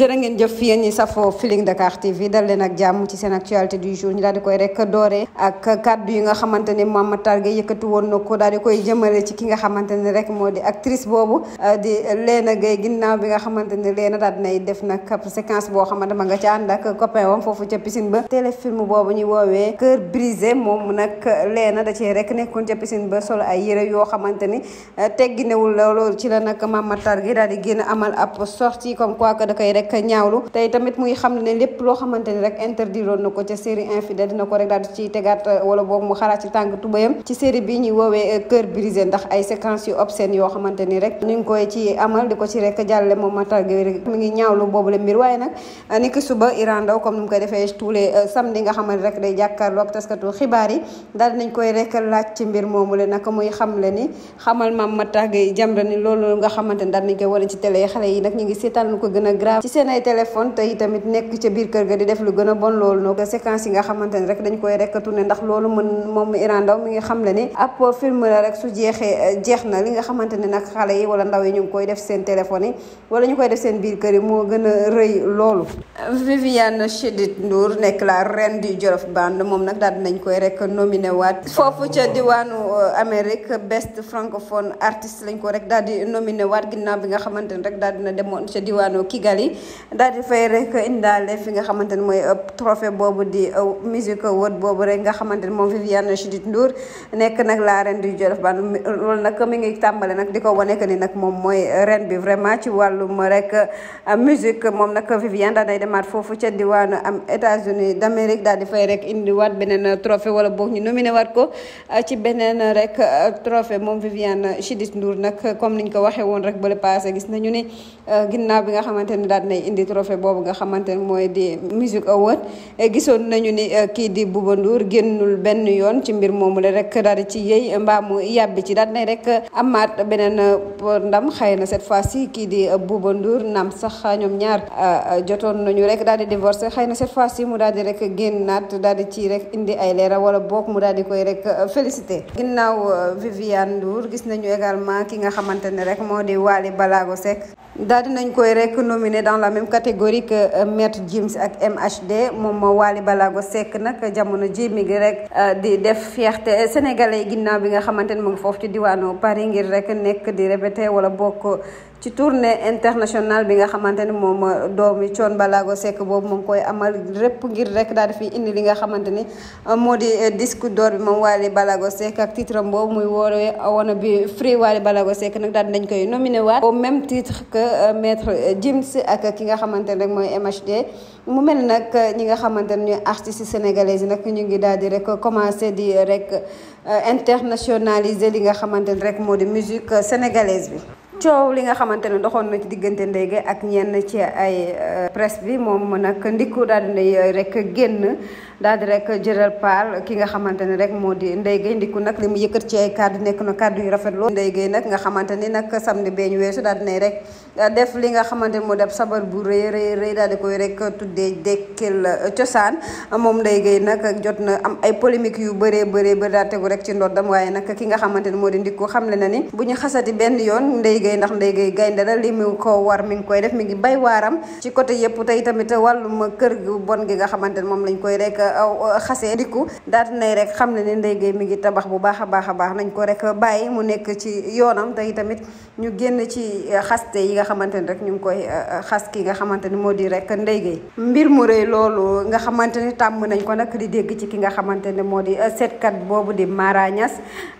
jërë ngeen jëf yéen ñi safoo Feeling Dakar TV dal leen ak jàmm ci seen actualité du jour ñu daal di koy rek dooree ak kàddu yi nga xamante ne Mame yëkkati woon na ko daal di koy jëmale ci ki nga xamante ne rek moo di actrice boobu euh, di Léna Gueye ginnaaw bi nga xamante ne Léna daal dinay def nag séquence boo xamante ma nga ci ànd ak copain wam foofu ca piscine ba téléfilm boobu ñu woowee Cœur brisé moom nag Léna da cee rek nekkoon ca piscine ba solo ay yére yoo xamante ni euh, tegginewul loolu ci la nag Mame Matar Gueye daal di génn amal ab sortie comme quoi que da koy rek rek ñaawlu tey tamit muy xam ne lépp loo xamante rek interdiroon euh, euh, yoo xamante ni euh, ni ki suba Iran Ndao comme ni mu koy defee tous les samedi nga xamante rek day jàkkaarloo ak taskatu xibaar yi daal nañ koy rek laaj ci mbir moomu la loolu nga xamante ni nañ koy wane ci télé xale yi nag ñu ngi seetaan lu ko gën a grave seen ay téléphone te tamit nekk ca biir kër ga di def lu gën a bon loolu noo ko séquence yi nga xamante ne rek dañ koy rek ndax loolu mën moom Iran Ndaw mi ngi xam le ni ab film rek su jeexee eh, jeex na li nga xamante ne nag xale yi wala ndaw yi ñu ngi koy def seen téléphone yi wala ñu koy def biir kër yi moo gën a rëy loolu Viviane Chidid Ndour nekk la reine du Jolof Band moom nag daal dinañ koy rek nominé waat foofu ca diwaanu eh, Amérique best francophone artiste lañ ko rek daal di nominé waat ginnaaw bi xamante ne rek daal dina demoon ca diwaanu Kigali daal di fay rek indaale fi nga ne mooy euh, trophée boobu di euh, musique award boobu rek nga xamante moom Viviane Chidid Ndour nekk nag la reine du Jolof ba euh, loolu nag mi ngi tàmbale nag di ko wane que ni nag moom mooy reine bi vraiment ci wàllum rek musique moom nag Viviane daal day demaat foofu ca diwaanu am États-Unis d'Amérique daal di fay rek indiwaat beneen trophée wala boog ñu ne waat ko ci beneen rek trophée moom Viviane Chidid Ndour nag comme niñ ko waxee woon rek bala passé gis nañu ne ginnaaw bi nga xamante ne daal nay indi trophée boobu nga xamante ne mooy di Music Award eh, gisoon nañu ni eh, kii di Bouba Ndour génnul benn yoon ci mbir moomu la rek daal ci yëy mbaa mu yàbbi ci daal nay rek amaat beneen eh, ndam xëy na cette fois ci kii di Bouba Ndour sax ñoom ñaar jotoon nañu rek daal di divorcé xëy na cette fois ci mu daal di rek génnaat daal di ci rek indi ay leera wala boog mu daal di koy rek félicité ginnaaw Viviane Ndour gis nañu également ki nga xamante ne rek moo di Wally Balago Seck daal nañ koy rek nominé dans laa même catégorie que euh, Maître Gims ak MHD moom Wally Balago Seck nag jamono ji mi ngi rek euh, di def fierté sénégalais ginnaaw bi nga xamante ne mu foofu ci diwaanu Paris ngir rek nekk di répété wala bokk ci tournée internationale bi nga xamante ni moom doomi Thione Ballago Seck boobu moom koy amal répp ngir rek daal di indi li nga xamante ni euh, moo di euh, disque d'or bi moom Wally Ballago Seck ak titre boobu muy wooree euh, woon bi Free Wally Ballago Seck nag daal dañ koy nominé waat au même titre que maître Gims ak ki nga xamante ne rek mooy MHD mu mel nag ñi nga xamante ne ñooy artistes sénégalais yi nag ñu ngi daal di rek commencé di rek internationaliser li nga xamante ne rek moo di musique sénégalaise bi. coow li nga xamante ne doxoon na ci diggante Ndeye ak ñenn ci ay euh, presse bi moom nag ndikku daal di euh, rek génn. daal di rek jëlal paal ki nga xamante ne rek moo di Ndeye Gueye ndiku nag li mu yëkkat ci ay kàddu nekk na kàddu yu rafet lool Ndeye Gueye nag nga xamante ni nag samedi bee ñu weesu daal dinay rek def li nga xamante ne moo def sabar bu rëy rëy rëy daal di koy rek tuddee dekkel cosaan moom Ndeye nag jot na am ay polémique yu bëree bëree bëri daal tegu rek ci ndoddam waaye nag ki nga xamante ne moo di ndiku xamle na ni bu ñu xasati benn yoon Ndeye Gueye ndax Ndeye Gueye gaynde la li mu ko war mi ngi koy def mi ngi bay waaram ci côté yëpp tey tamit wàllum kër gu bon gi nga xamante ne moom lañ koy rek xasee dikku daal di nay rek xam ne ne Ndeye mi ngi tabax bu baax a baax a baax nañ ko rek bàyyi mu nekk ci yoonam te itamit ñu génn ci euh, xaste yi nga xamante ni rek ñu ngi koy euh, euh, xas ki nga xamante ni moo di rek Ndeye Gueye mbir mu rëy loolu nga xamante ni tàmm nañ ko nag di dégg ci ki nga xamante ni moo di seetkat boobu di Mara Niass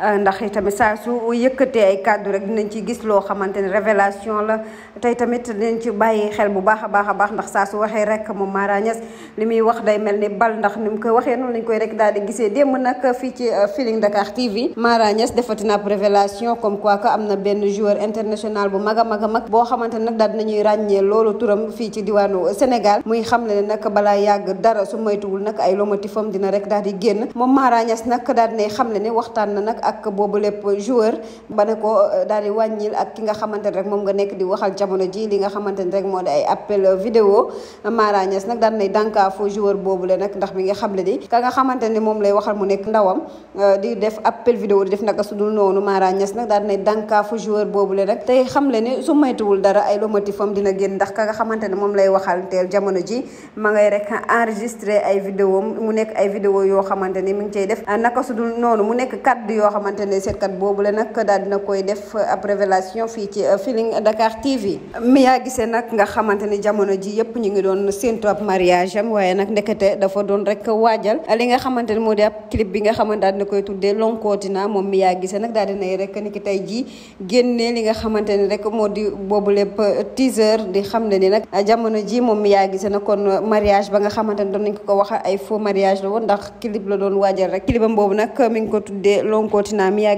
ndax itamit saa su yëkkatee ay kàddu rek dinañ ci gis loo xamante ni révélation la tey tamit dinañ ci bàyyi xel bu baax a baax a baax ndax saa su waxee rek moom Mara Niass li muy wax day mel ni bal ndax ni mu koy waxee noonu lañ koy rek daal di gisee démb nag fii ci Feeling Dakar TV Mara Niass defati na ab révélation comme quoi que am na benn joueur international bu mag a mag a mag boo xamante nag daal dinañuy ràññee loolu turam fii ci diwaanu Sénégal muy xam ne nag balaa yàgg dara su moytuwul nag ay lomotifam dina rek daal di génn moom Mara Niass nag daal dinay xam ne ne waxtaan na nag ak boobu lépp joueur ba ne ko euh, daal di wàññil ak ki nga xamante ne rek moom nga nekk di waxal jamono ji li nga xamante ne rek moo di ay appel vidéo Mara Niass nag daal dinay dànkaafu joueur boobule nag ndax mi nga xam ne di ka nga xamante ne moom lay waxal mu nekk ndawam euh, di def appel vidéo di def naka su dul noonu Mara Niass nag daal dinay dànkaafu joueur boobu assemblée rek tey xam le ne su maytuwul dara ay lomotif am dina génn ndax ka nga xamante ne moom lay waxal teel jamono ji ma ngay rek enregistré ay vidéo mu nekk ay vidéo yoo xamante ne mi ngi cay def ah, naka su dul noonu mu nekk kaddu yoo xamante ne seetkat boobu la nag daal dina koy def ab révélation fii ci euh, Feeling Dakar TV mi yaa nag nga xamante ne jamono ji yëpp ñu ngi doon séntu ab mariage waaye nag ndekete dafa doon rek waajal a li nga xamante ne moo de ab clip bi nga xamante daal dina koy tuddee lonkootina moom mi yaa gisee nag daal dinay rek ni ki tey ji génnee li nga xamante ni rek moo di boobu lépp teaser di xam ne ni nag jamono ji moom yaa gise na kon mariage ba nga xamante ko la woon ndax clip la doon waajal rek clipam boobu nag mi ngi ko tuddee Lonkootina mi yaa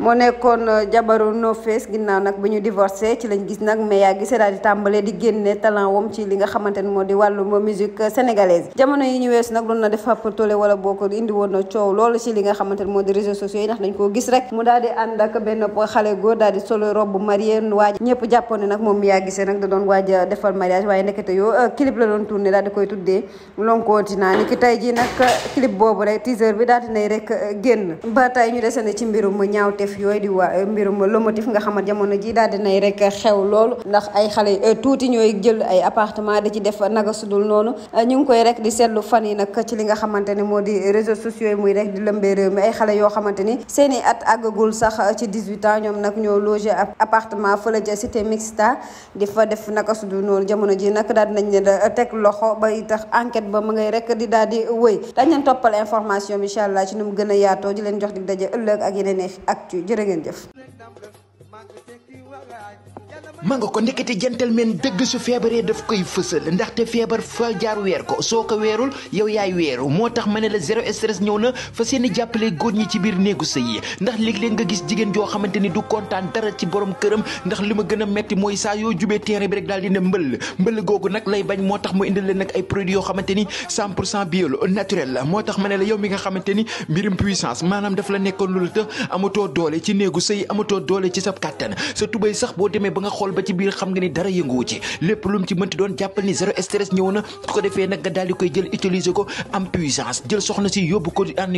moo nekkoon jabaru No Face ginnaaw nag bi ñu divorcé ci lañ gis nag mais yaa gise daal di tàmbalee di génne talent wom ci li moo di wàllum musique sénégalaise jamono yi ñu weesu nag doon na def ab tollé wala boo ko indi woon na coow loolu ci li nga xamante ni moo di réseaux sociaux yi ndax dañ koo gis rek mu daal di ànd ak benn xale góor daal di solo robe waaj ñëpp jàppoon ne moom yaa gisee nag da doon waaj defal mariage waaye nekkate yoo euh, clip la doon tourné daal di koy tuddee L'Incontinent ni ki rek di nay rek euh, génn ba tey ñu desene di waa euh, mbirum lomotif nga xamante jamono ji daal di nay xew loolu ndax ay xale tuuti ñooy jël ay appartement di ci def naga noonu ñu koy rek di seetlu fan yi nag ci li nga xamante ni moo di réseaux sociaux yi muy rek di lëmbee réew mi ay xale yoo xamante ni seen i at àggagul sax ci 18 ans ñoom nag ñëw loger ab appartement fële ca cité mixta di fa def naka su noonu jamono ji nag daal dinañ leen teg loxo ba itax enquête ba mu ngay rek di daal di wëy dañ leen toppal information bi incha allah ci nu mu gën a yaatoo di leen jox di daje ëllëg ak yeneen ak actu jërë ngeen jëf. ma nga ko ndekete gentleman dëgg su feebaree daf koy fësal ndaxte feebar fa jaar weer ko soo ko weerul yow yaay weeru moo tax ma ne la zéro stress ñëw na fa seen jàppale góor ñi ci biir néegu sëy yi ndax léeg-léeg nga gis jigéen joo xamante ni du kontaan dara ci borom këram ndax li ma gën a metti mooy saa yoo jubee terrain bi rek daal dina mbëll mbëll googu nag lay bañ moo tax mu indil leen nag ay produits yoo xamante ni 100 pour cent bio naturel la moo tax ma ne la yow mi nga xamante ni mbirum puissance maanaam daf la nekkoon lul la amatoo doole ci néegu sëy amatoo doole ci sa kattan sa tubay sax boo demee ba nga xool xool ba ci biir xam nga ni dara yënguwu ci lépp lu mu ci mënti doon jàppal ni zéro stress ñëw na ko defee nag nga koy jël utiliser ko am puissance jël soxna si yóbbu ko di am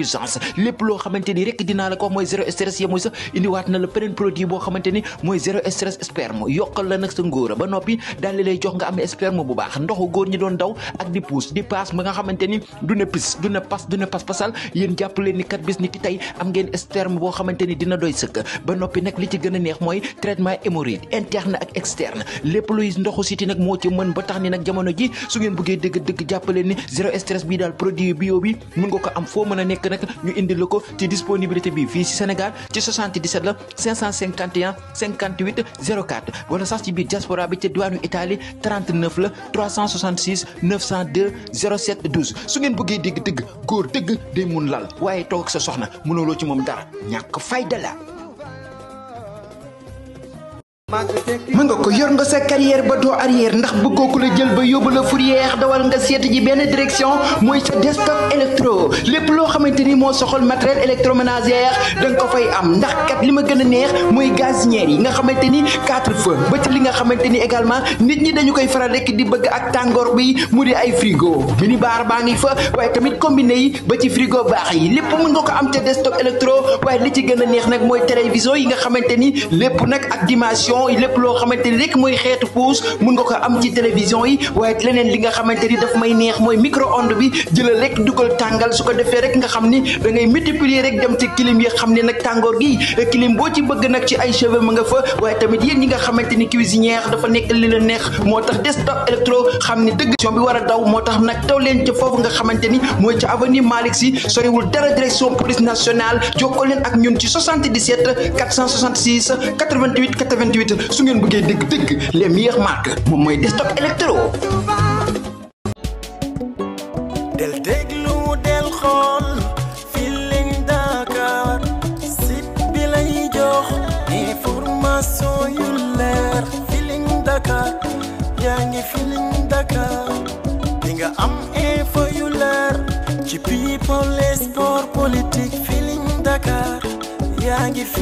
doon daw ak di puus di paas ni du ne pis ngeen sperme boo xamante dina doy sëkk ba noppi nag li ci gën a neex mooy traitement hémorroïde interne ak externe lépp luy ndoxu siti nag moo ci mën ba tax ni nag jamono ji su ngeen bëggee dëgg dëgg jàppaleen ni zéro stress bi daal produit bio bi mën nga ko am foo mën a nekk nag ñu indi la ko ci disponibilité bi fii ci Sénégal ci 77 la 551 58 04 wala sax ci biir diaspora bi ca diwaanu Italie 39 la 366 902 07 12 su ngeen bëggee dëgg dëgg góor dëgg day mun lal waaye toog sa soxna mënuloo ci moom dara ñàkk fayda la mën nga ko yor nga sa carrière ba doo arrière ndax bëggoo ku la jël ba yóbbu la fourrière dawal nga seet ji benn direction mooy sa Destock électro lépp loo xamante ni moo soxal matériel électroménager da nga ko fay am ndax kat li ma gën a neex mooy gazinière yi nga xamante ni quatre feux ba ci li nga xamante ni également nit ñi dañu koy faral rek di bëgg ak tàngoor bi mu di ay frigo mini bar baa ngi fa waaye tamit combiné yi ba ci frigo baax yi lépp mën ko am ca Destock électro waaye li ci gën a neex nag mooy télévision yi nga xamante ni lépp nag ak dimension émission lépp loo xamante ni rek mooy xeetu puus mun nga ko am ci télévision yi waaye leneen li nga xamante ni daf may neex mooy micro onde bi jëlal rek dugal tàngal su ko defee rek nga xam ni da multiplier rek dem ci clim yi xam ne nag tàngoor gi clim boo ci bëgg nag ci ay cheveux ma nga fa waaye tamit yéen ñi nga xamante ni cuisinière dafa nekk li neex moo tax desktop électro xam ni dëgg bi war a dara direction police nationale ci 77 466 Siteu su ngeen bëggee dégg dégg les meilleures moom mooy Destock Electro del déglu del xool Feeling Dakar site bi lay jox information yu leer Feeling Dakar yaa ngi Feeling Dakar di nga am info yu leer ci people sport politique Feeling Dakar